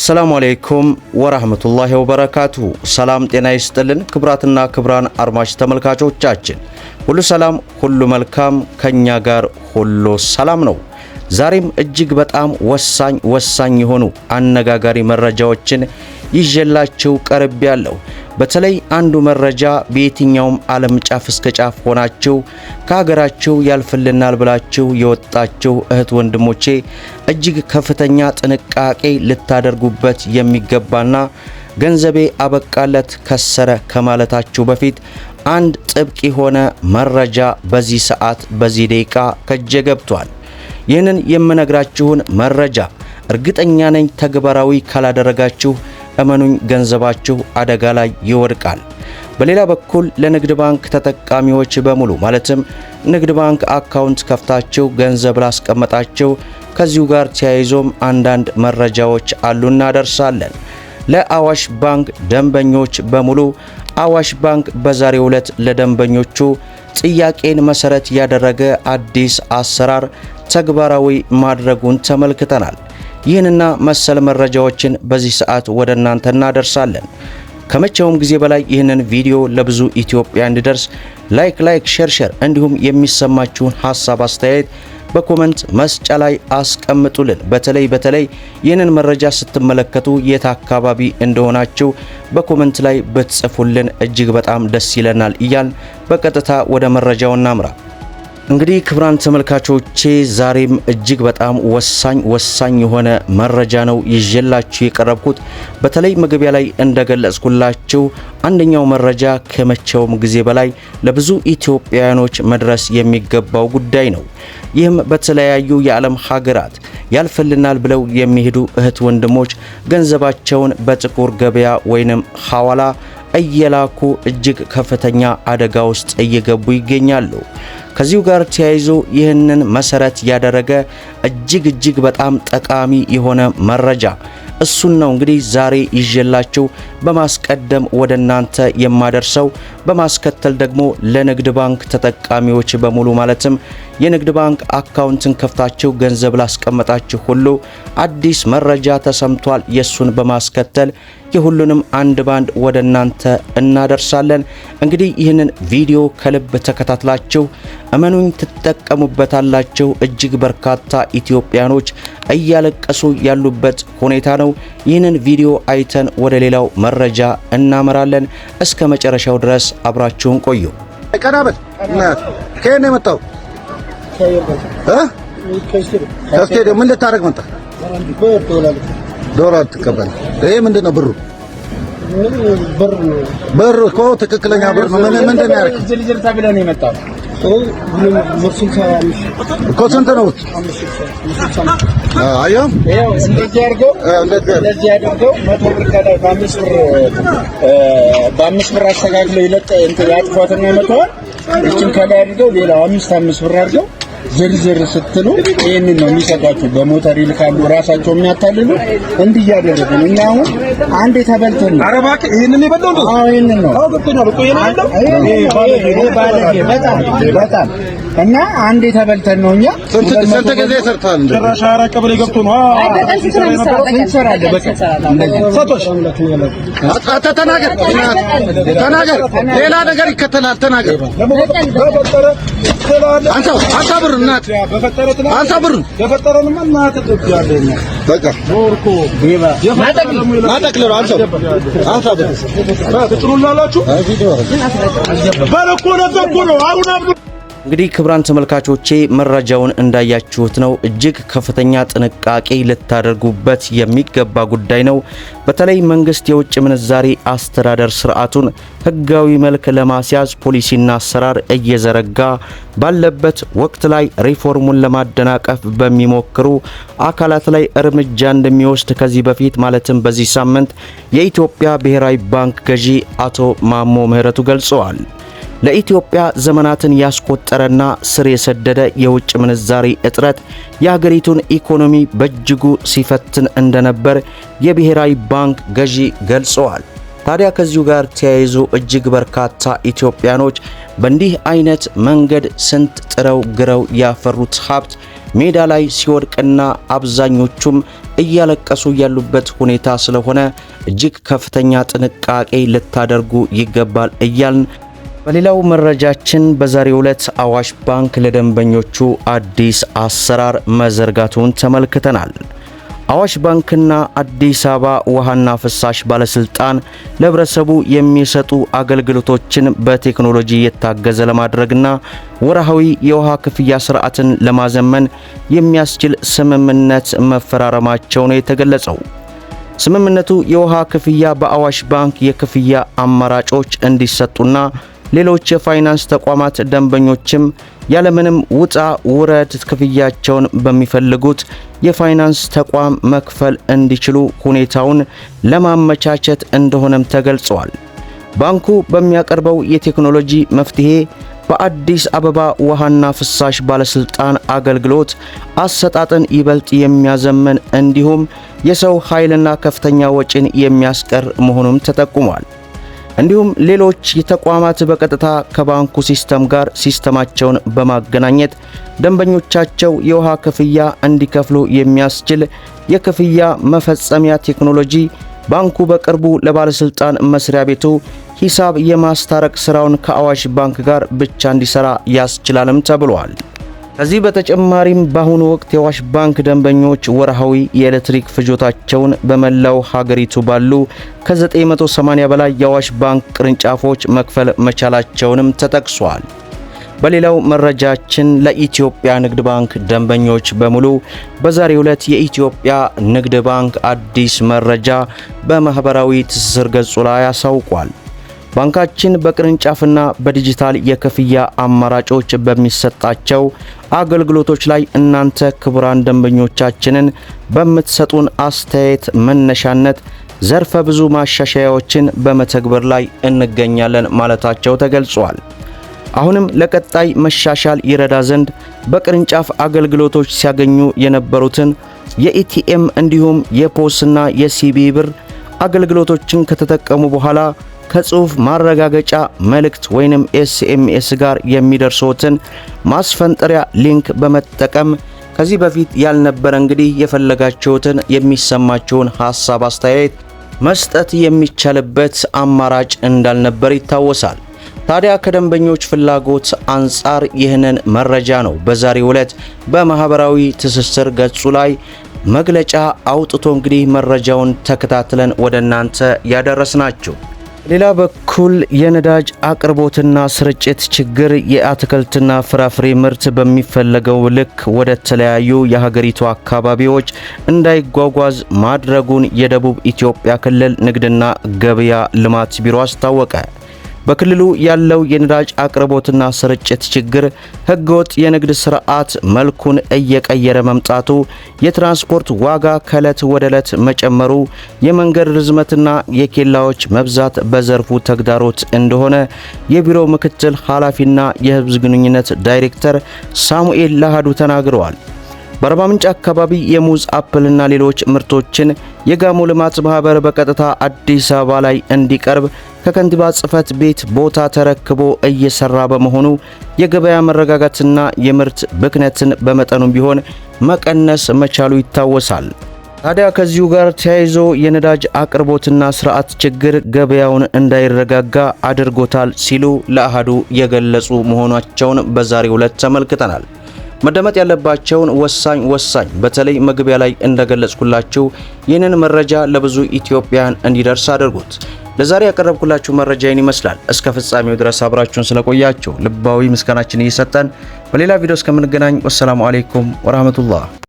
አሰላሙ አሌይኩም ወራህመቱላሂ ወበረካቱሁ። ሰላም ጤና ይስጥልን ክብራትና ክብራን አድማጭ ተመልካቾቻችን ሁሉ ሰላም ሁሉ መልካም፣ ከእኛ ጋር ሁሉ ሰላም ነው። ዛሬም እጅግ በጣም ወሳኝ ወሳኝ የሆኑ አነጋጋሪ መረጃዎችን ይዤላችሁ ቀርቤ በተለይ አንዱ መረጃ በየትኛውም ዓለም ጫፍ እስከ ጫፍ ሆናችሁ ከሀገራችሁ ያልፍልናል ብላችሁ የወጣችሁ እህት ወንድሞቼ እጅግ ከፍተኛ ጥንቃቄ ልታደርጉበት የሚገባና ገንዘቤ አበቃለት ከሰረ ከማለታችሁ በፊት አንድ ጥብቅ የሆነ መረጃ በዚህ ሰዓት በዚህ ደቂቃ ከጄ ገብቷል። ይህንን የምነግራችሁን መረጃ እርግጠኛ ነኝ ተግባራዊ ካላደረጋችሁ እመኑኝ ገንዘባችሁ አደጋ ላይ ይወድቃል። በሌላ በኩል ለንግድ ባንክ ተጠቃሚዎች በሙሉ ማለትም ንግድ ባንክ አካውንት ከፍታችሁ ገንዘብ ላስቀመጣችሁ፣ ከዚሁ ጋር ተያይዞም አንዳንድ መረጃዎች አሉ እናደርሳለን። ለአዋሽ ባንክ ደንበኞች በሙሉ አዋሽ ባንክ በዛሬው ዕለት ለደንበኞቹ ጥያቄን መሰረት ያደረገ አዲስ አሰራር ተግባራዊ ማድረጉን ተመልክተናል። ይህንና መሰል መረጃዎችን በዚህ ሰዓት ወደ እናንተ እናደርሳለን። ከመቼውም ጊዜ በላይ ይህንን ቪዲዮ ለብዙ ኢትዮጵያ እንዲደርስ ላይክ ላይክ ሼር ሼር እንዲሁም የሚሰማችሁን ሀሳብ አስተያየት በኮመንት መስጫ ላይ አስቀምጡልን። በተለይ በተለይ ይህንን መረጃ ስትመለከቱ የት አካባቢ እንደሆናችሁ በኮመንት ላይ ብትጽፉልን እጅግ በጣም ደስ ይለናል እያል በቀጥታ ወደ መረጃው እናምራ። እንግዲህ ክቡራን ተመልካቾቼ ዛሬም እጅግ በጣም ወሳኝ ወሳኝ የሆነ መረጃ ነው ይዤላችሁ የቀረብኩት። በተለይ መግቢያ ላይ እንደገለጽኩላችሁ አንደኛው መረጃ ከመቼውም ጊዜ በላይ ለብዙ ኢትዮጵያውያኖች መድረስ የሚገባው ጉዳይ ነው። ይህም በተለያዩ የዓለም ሀገራት ያልፍልናል ብለው የሚሄዱ እህት ወንድሞች ገንዘባቸውን በጥቁር ገበያ ወይንም ሐዋላ እየላኩ እጅግ ከፍተኛ አደጋ ውስጥ እየገቡ ይገኛሉ። ከዚሁ ጋር ተያይዞ ይህንን መሰረት ያደረገ እጅግ እጅግ በጣም ጠቃሚ የሆነ መረጃ እሱን ነው እንግዲህ ዛሬ ይዤላችሁ በማስቀደም ወደ እናንተ የማደርሰው። በማስከተል ደግሞ ለንግድ ባንክ ተጠቃሚዎች በሙሉ ማለትም የንግድ ባንክ አካውንትን ከፍታችሁ ገንዘብ ላስቀመጣችሁ ሁሉ አዲስ መረጃ ተሰምቷል። የሱን በማስከተል የሁሉንም አንድ ባንድ ወደ እናንተ እናደርሳለን። እንግዲህ ይህንን ቪዲዮ ከልብ ተከታትላችሁ እመኑኝ ትጠቀሙበታላችሁ። እጅግ በርካታ ኢትዮጵያኖች እያለቀሱ ያሉበት ሁኔታ ነው። ይህንን ቪዲዮ አይተን ወደ ሌላው መረጃ እናመራለን። እስከ መጨረሻው ድረስ አብራችሁን ቆዩ። ቀናበት ከየት ነው የመጣው? ከስቴዲየም ምን ልታደርግ መጣ? ዶላር ትቀበል። ይሄ ምንድን ነው ብሩ? ብር እኮ ትክክለኛ ብር ነው። ምንድን ነው ያደረግህ? ከስንት ነው? ብር ከላይ በአምስት ብር አስተካክለው ይለጥ እንትን ያጥፏትና መተዋል። እችን ከላይ አድርገው ሌላው አምስት አምስት ብር አድርገው ዝርዝር ስትሉ ይህንን ነው የሚሰጣችሁ። በሞተር ይልካሉ ራሳቸው የሚያታልሉ እንዲህ እያደረጉ እኛ አሁን አንድ የተበልተን ነው። ይህንን የበለው ነው። አዎ ይህንን ነው። በጣም በጣም እና አንዴ ተበልተን ነው እኛ ስንት ጊዜ ሰርታል ጭራሽ አራት ቀበሌ ገብቶ ነው ተናገር ሌላ ነገር ይከተላል ተናገር አንተ ብር እናት አንተ ብር በቃ አንተ ነው አሁን እንግዲህ ክብራን ተመልካቾቼ መረጃውን እንዳያችሁት ነው። እጅግ ከፍተኛ ጥንቃቄ ልታደርጉበት የሚገባ ጉዳይ ነው። በተለይ መንግስት የውጭ ምንዛሬ አስተዳደር ስርዓቱን ህጋዊ መልክ ለማስያዝ ፖሊሲና አሰራር እየዘረጋ ባለበት ወቅት ላይ ሪፎርሙን ለማደናቀፍ በሚሞክሩ አካላት ላይ እርምጃ እንደሚወስድ ከዚህ በፊት ማለትም በዚህ ሳምንት የኢትዮጵያ ብሔራዊ ባንክ ገዢ አቶ ማሞ ምህረቱ ገልጸዋል። ለኢትዮጵያ ዘመናትን ያስቆጠረና ስር የሰደደ የውጭ ምንዛሪ እጥረት የሀገሪቱን ኢኮኖሚ በእጅጉ ሲፈትን እንደነበር የብሔራዊ ባንክ ገዢ ገልጸዋል። ታዲያ ከዚሁ ጋር ተያይዞ እጅግ በርካታ ኢትዮጵያኖች በእንዲህ አይነት መንገድ ስንት ጥረው ግረው ያፈሩት ሀብት ሜዳ ላይ ሲወድቅና አብዛኞቹም እያለቀሱ ያሉበት ሁኔታ ስለሆነ እጅግ ከፍተኛ ጥንቃቄ ልታደርጉ ይገባል እያልን በሌላው መረጃችን በዛሬ ዕለት አዋሽ ባንክ ለደንበኞቹ አዲስ አሰራር መዘርጋቱን ተመልክተናል። አዋሽ ባንክና አዲስ አበባ ውሃና ፍሳሽ ባለስልጣን ለህብረተሰቡ የሚሰጡ አገልግሎቶችን በቴክኖሎጂ የታገዘ ለማድረግና ወርሃዊ የውሃ ክፍያ ስርዓትን ለማዘመን የሚያስችል ስምምነት መፈራረማቸው ነው የተገለጸው። ስምምነቱ የውሃ ክፍያ በአዋሽ ባንክ የክፍያ አማራጮች እንዲሰጡና ሌሎች የፋይናንስ ተቋማት ደንበኞችም ያለምንም ውጣ ውረድ ክፍያቸውን በሚፈልጉት የፋይናንስ ተቋም መክፈል እንዲችሉ ሁኔታውን ለማመቻቸት እንደሆነም ተገልጿል። ባንኩ በሚያቀርበው የቴክኖሎጂ መፍትሄ በአዲስ አበባ ውሃና ፍሳሽ ባለስልጣን አገልግሎት አሰጣጥን ይበልጥ የሚያዘምን እንዲሁም የሰው ኃይልና ከፍተኛ ወጪን የሚያስቀር መሆኑም ተጠቁሟል። እንዲሁም ሌሎች የተቋማት በቀጥታ ከባንኩ ሲስተም ጋር ሲስተማቸውን በማገናኘት ደንበኞቻቸው የውሃ ክፍያ እንዲከፍሉ የሚያስችል የክፍያ መፈጸሚያ ቴክኖሎጂ ባንኩ በቅርቡ ለባለስልጣን መስሪያ ቤቱ ሂሳብ የማስታረቅ ስራውን ከአዋሽ ባንክ ጋር ብቻ እንዲሰራ ያስችላልም ተብሏል። ከዚህ በተጨማሪም በአሁኑ ወቅት የአዋሽ ባንክ ደንበኞች ወርሃዊ የኤሌክትሪክ ፍጆታቸውን በመላው ሀገሪቱ ባሉ ከ980 በላይ የአዋሽ ባንክ ቅርንጫፎች መክፈል መቻላቸውንም ተጠቅሷል። በሌላው መረጃችን ለኢትዮጵያ ንግድ ባንክ ደንበኞች በሙሉ በዛሬው ዕለት የኢትዮጵያ ንግድ ባንክ አዲስ መረጃ በማህበራዊ ትስስር ገጹ ላይ አሳውቋል። ባንካችን በቅርንጫፍና በዲጂታል የክፍያ አማራጮች በሚሰጣቸው አገልግሎቶች ላይ እናንተ ክቡራን ደንበኞቻችንን በምትሰጡን አስተያየት መነሻነት ዘርፈ ብዙ ማሻሻያዎችን በመተግበር ላይ እንገኛለን ማለታቸው ተገልጿል። አሁንም ለቀጣይ መሻሻል ይረዳ ዘንድ በቅርንጫፍ አገልግሎቶች ሲያገኙ የነበሩትን የኢቲኤም እንዲሁም የፖስና የሲቢ ብር አገልግሎቶችን ከተጠቀሙ በኋላ ከጽሑፍ ማረጋገጫ መልእክት ወይንም ኤስኤምኤስ ጋር የሚደርሶትን ማስፈንጠሪያ ሊንክ በመጠቀም ከዚህ በፊት ያልነበረ እንግዲህ የፈለጋችሁትን የሚሰማችሁን ሐሳብ፣ አስተያየት መስጠት የሚቻልበት አማራጭ እንዳልነበር ይታወሳል። ታዲያ ከደንበኞች ፍላጎት አንጻር ይህንን መረጃ ነው በዛሬው ዕለት በማህበራዊ ትስስር ገጹ ላይ መግለጫ አውጥቶ እንግዲህ መረጃውን ተከታትለን ወደ እናንተ ያደረስናችሁ። ሌላ በኩል የነዳጅ አቅርቦትና ስርጭት ችግር የአትክልትና ፍራፍሬ ምርት በሚፈለገው ልክ ወደ ተለያዩ የሀገሪቱ አካባቢዎች እንዳይጓጓዝ ማድረጉን የደቡብ ኢትዮጵያ ክልል ንግድና ገበያ ልማት ቢሮ አስታወቀ። በክልሉ ያለው የነዳጅ አቅርቦትና ስርጭት ችግር፣ ህገወጥ የንግድ ስርዓት መልኩን እየቀየረ መምጣቱ፣ የትራንስፖርት ዋጋ ከዕለት ወደ ዕለት መጨመሩ፣ የመንገድ ርዝመትና የኬላዎች መብዛት በዘርፉ ተግዳሮት እንደሆነ የቢሮው ምክትል ኃላፊና የህዝብ ግንኙነት ዳይሬክተር ሳሙኤል ላሃዱ ተናግረዋል። በአርባ ምንጭ አካባቢ የሙዝ አፕልና ሌሎች ምርቶችን የጋሞ ልማት ማህበር በቀጥታ አዲስ አበባ ላይ እንዲቀርብ ከከንቲባ ጽህፈት ቤት ቦታ ተረክቦ እየሰራ በመሆኑ የገበያ መረጋጋትና የምርት ብክነትን በመጠኑም ቢሆን መቀነስ መቻሉ ይታወሳል። ታዲያ ከዚሁ ጋር ተያይዞ የነዳጅ አቅርቦትና ስርዓት ችግር ገበያውን እንዳይረጋጋ አድርጎታል ሲሉ ለአሃዱ የገለጹ መሆናቸውን በዛሬው ዕለት ተመልክተናል። መደመጥ ያለባቸውን ወሳኝ ወሳኝ በተለይ መግቢያ ላይ እንደገለጽኩላችሁ ይህንን መረጃ ለብዙ ኢትዮጵያን እንዲደርስ አድርጉት። ለዛሬ ያቀረብኩላችሁ መረጃ ይህን ይመስላል። እስከ ፍጻሜው ድረስ አብራችሁን ስለቆያችሁ ልባዊ ምስጋናችን እየሰጠን በሌላ ቪዲዮ እስከምንገናኝ ወሰላሙ አሌይኩም ወራህመቱላህ